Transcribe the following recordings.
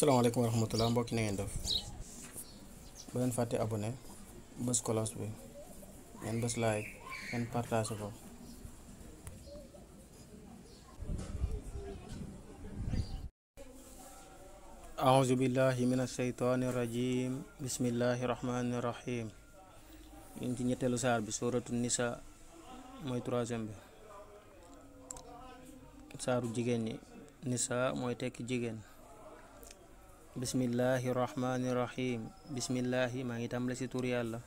salaamaaleykum wa rahmatulah mbokki na ngeen def ba ngeen fàtte abonné bés kolos bi ñu ngi ci ñetteelu saar bi suuratu nisa mooy troisième bi saaru jigéen ñi nisa mooy tekki jigéen bismillahi rahmaani rahim bismillahi maa ngi tàmbale si tur yàlla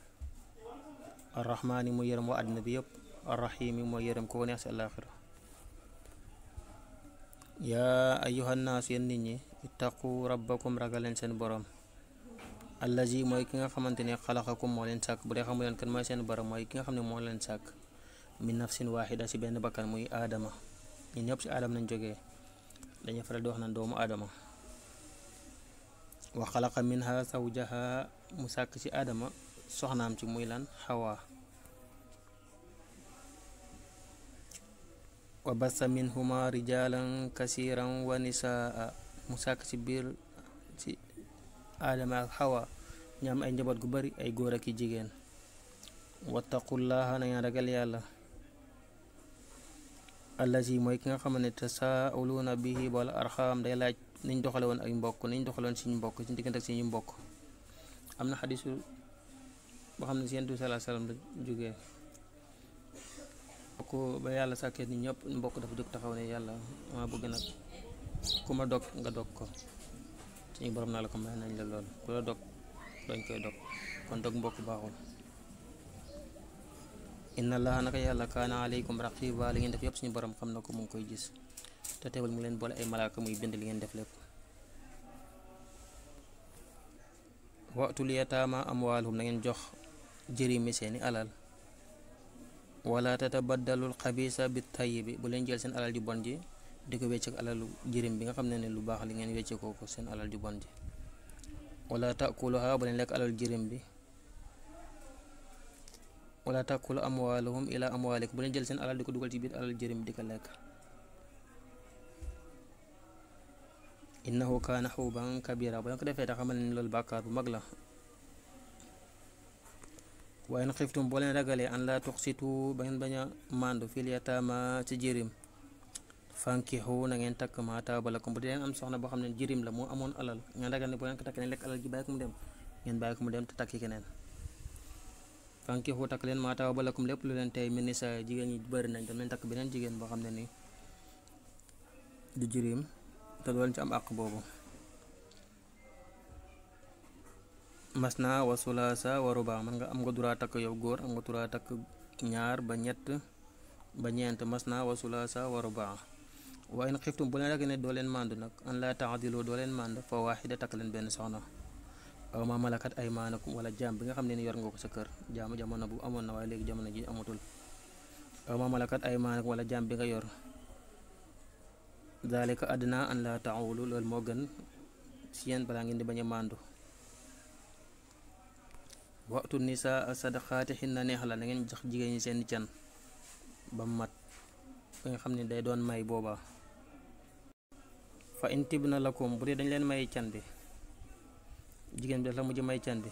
arrahmaani mooy yërëm waa àddina bi yëpp arrahimi mooy yërëm ko neex si àllaaxira yaa ayyuhan naas nit ñi ittaqu rabbakum ragal leen seen borom allazi mooy ki nga xamante ne xalaqakum moo leen sàkk bu dee xamu kan mooy seen borom mooy ki nga xam ne moo leen sàkk min nafsin waaxida si benn bakkan muy aadama ñun ñëpp si aadama nañ jógee dañuy faral di wax naan doomu aadama wa xalaqa minha zawjaha mu sàkk ci aadama soxnaam ci muy lan xawaa wa bassa minhuma rijalan kasiran wa nisaa mu sàkk ci biir ci aadama ak xawaa ñu ay njaboot gu bari ay góor ak i jigéen wattaqullaha na ragal yàlla allazi mooy ki nga xam ne tasaa'aluuna bihi wal arxaam day laaj niñ doxale woon ak mbokk niñ doxaloon suñu mbokk suñu diggante ak suñu mbokk am na xadisu boo xam ne si yentu salaa la jógee mbokk ba yàlla sàkkee ni ñëpp mbokk dafa jóg taxaw ne yàlla maa bëgg nag ku ma dog nga dog ko suñu borom naa la ko may nañ la lool ku la dog dañ koy dog kon dog mbokk baaxul inna allaha naka yàlla kaana aleykum raqiba li ngeen def yëpp suñu borom xam na ko mu ngi koy gis te teewul mu leen boole ay malaaka muy bind li ngeen def lépp watul yataama amwaalhum na ngeen jox jërimi seeni alal wala tatabaddalul xabisa bi tayyibi bu leen jël seen alal ju bon ji di ko wecceek alalu jërim bi nga xam ne ne lu baax li ngeen wecceekoo seen alal ju bon ji wala takuluha bu leen lekk alal jërim bi wala takkul amwaaluhum ila amwaalikum bu leen jël seen alal di ko dugal ci biir alal jërim di ko lekk innahu kaana xuuban kabira bu leen ko defee te xamal ne loolu bàkkaar bu mag la waaye na xiftum boo leen ragalee an laa tuqsitu ba ngeen bañ a màndu fil yataama ci jërim fankixu na ngeen takk maa taaba lakum bu dee am soxna boo xam ne jërim la moo amoon alal ngeen ragal ne boo leen ko takk ne lekk alal ji bàyyi ko mu dem ngeen bàyyi ko mu dem te takki keneen fankihu takk leen maa taaba lakum lépp lu leen tey min nisaa jigéen ñi bëri nañ dem leen takk beneen jigéen boo xam ne nii du jirim te doo leen ci am àq boobu masna wa sulaasa wa rubaa mën nga am nga duraa takk yow góor am nga duraa takk ñaar ba ñett ba ñeent mas naa wasulaa sa rubaa wa in xiftum bu leen rek ne doo leen màndu nag an laa taadilu doo leen mànd waa waaxida takk leen benn soxna aw malakat ay maanakum wala jaam bi nga xam ne ni yor nga ko sa kër jaamu jamono bu amoon na waaye léegi jamono ji amatul aw malakat ay maanakum wala jaam bi nga yor daalika adnaa an laa taawulu loolu moo gën si yéen ngeen di bañ a màndu waxtu nisaa sadaqaati xinna neex la na ngeen jox jigéen ñi seen can ba mat ba nga xam ne day doon may boobaa fa intib na lakum bu dee dañ leen may can bi jigéen bi daf la mujj may can bi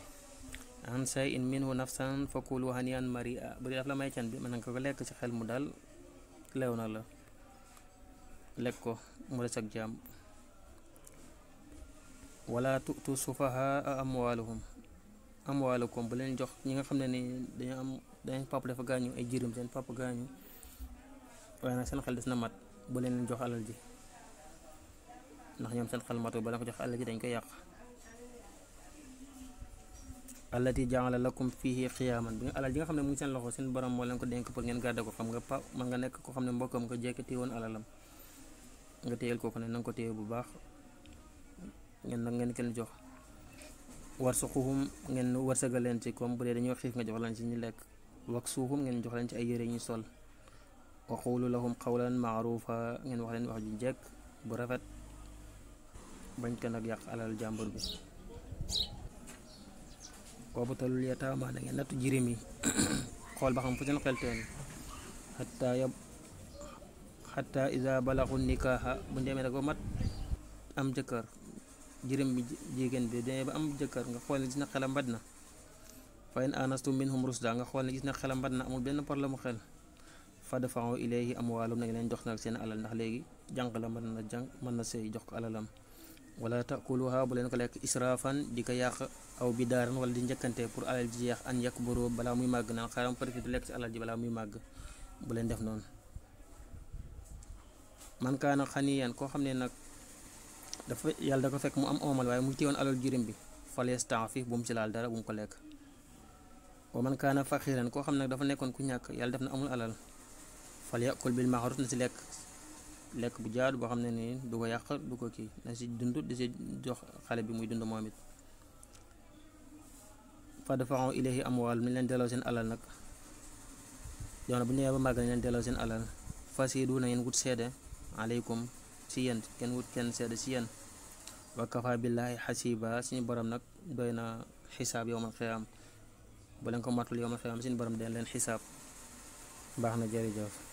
an say in minhu nafsan fakulu hani an maria bu dee daf la may can bi mën nga ko lekk ci xel mu daal leew na la lekk ko mu des ak jàmm wala tutu sufahaa amwaaluhum amwaalukum bu leen jox ñi nga xam ne ni dañu am dañ papa dafa gaañu ay jirim seen papa gaañu waaye nag seen xel des na mat bu leen jox alal ji ndax ñoom seen xel matu ba leen ko jox alal ji dañ koy yàq allati jaala lakum fihi xiyaaman bi nga alal ji nga xam ne mu ngi seen loxo seen borom moo leen ko dénk pour ngeen gàdde ko xam nga pa man nga nekk ko xam ne mbokkam ko jekkati woon alalam nga téyel kooku ne na nga ko téye bu baax ngeen nag ngeen kenn jox war suxuhum ngeen warsagal leen ci comme bu dee dañoo xiif nga jox leen ci ñu lekk wax suuxum ngeen jox leen ci ay yére ñu sol waxuulu lahum xawlan maaruufa ngeen wax leen wax ju jekk bu rafet bañ ko nag yàq alal jàmbur bi waabtalul yataama na ngeen nattu jirim yi xool ba xam fu seen xel toll xataa ya xataa isa balaxu nikaaxa bu ñu demee rek mat am jëkkër jirim bi jigéen bi demee ba am jëkkër nga xool ne gis na xelam mbat na fa in anastum minhum rusda nga xool ne gis na xelam mbat na amul benn problème mu xel fa dafa'u ilayhi amwaalum na ngeen leen jox seen alal ndax léegi jànq la mën na jànq mën na sëy jox ko alalam wala taakuluha bu leen ko lekk israfan di ko yàq aw bidaaran wala di njëkkante pour alal ji yeex an yàq boroo balaa muy màgg naan xaaram profité lekk ci alal ji balaa màgg bu leen def noonu man kaana xaniyan koo xam ne nag dafa yàlla da ko fekk mu am omal waaye mu téewoon alal jirim bi falestafi bu mu ci laal dara bu mu ko lekk wa man kaana faqiran koo xam ne nag dafa nekkoon ku ñàkk yàlla def na amul alal fal yàqul bil maxruf na ci lekk lekk bu jaadu boo xam ne nii du ko yàq du ko kii na si dund di si jox xale bi muy dund moom it fa dafaxon ilayhi amwaal mi leen delloo seen alal nag jamono bu ñëwee ba màgg nañ leen delloo seen alal fasidu na ngeen wut seede aleykum si yéen kenn wut kenn sedd si yéen wa kafa billahi xasiba suñu borom nag doy na xisaab yowmal xiyaam bu leen ko matul yowmal xiyaam suñu borom den leen xisaab baax na jërëjëf